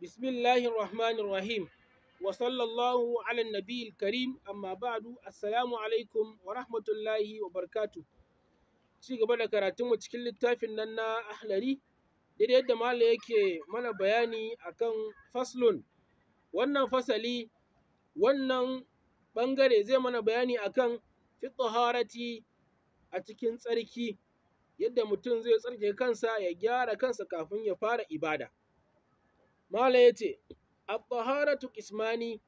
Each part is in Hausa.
bismillahir rahmanir rahim wa sallallahu ala nabiyil karim amma ba'du assalamu alaikum wa rahmatullahi wa barkatu. ci gaba da karatun mu cikin littafin nan na ahlari daidai yadda mala yake mana bayani akan faslun wannan fasali wannan bangare zai mana bayani akan fi a cikin tsarki yadda mutum zai tsarke kansa ya gyara kansa kafin ya fara ibada Malam ya ce, Abbaharatu Kismani,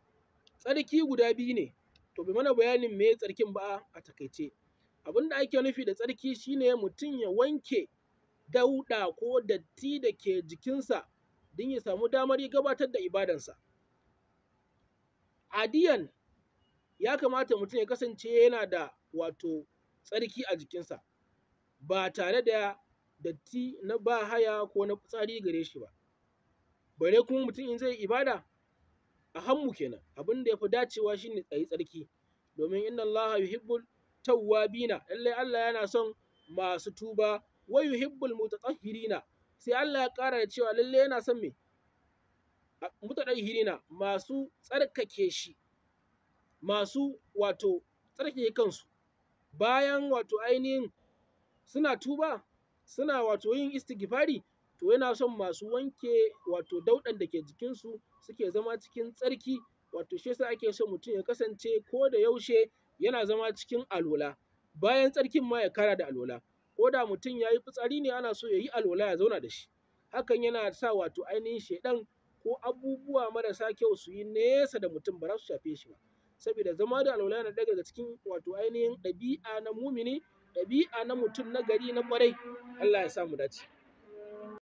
tsarki guda biyu ne, to bai mana bayanin me tsarkin ba a takaice. Abin da ake nufi da tsarki shine mutum ya wanke dauɗa ko datti da ke jikinsa don ya samu damar ya gabatar da ibadansa. Adiyan ya kamata mutum ya kasance yana da wato tsarki a jikinsa, ba tare da datti na bahaya ko na tsari gare shi ba. bare kuma mutum in zai ibada a hannu kenan abin da ya fi dacewa shine tsayi tsarki domin inna allaha yuhibbul tawwabina lalle Allah yana son masu tuba wa yuhibbul mutatahhirina sai Allah ya kara da cewa lallai yana son me mutatahhirina masu tsarkake shi masu wato tsarkake kansu bayan wato ainihin suna tuba suna wato yin istighfari to yana so masu wanke wato dauɗan da ke jikinsu suke zama cikin tsarki wato shi yasa ake so mutum ya kasance ko da yaushe yana zama cikin alola bayan tsarkin ma ya kara da alola ko da mutum ya yi fitsari ne ana so ya yi alola ya zauna da shi hakan yana sa wato ainihin shaidan ko abubuwa marasa kyau su yi nesa da mutum ba za su shafe shi ba saboda zama da alola yana daga daga cikin wato ainihin ɗabi'a na mumini ɗabi'a na mutum na gari na ƙwarai Allah ya sa mu dace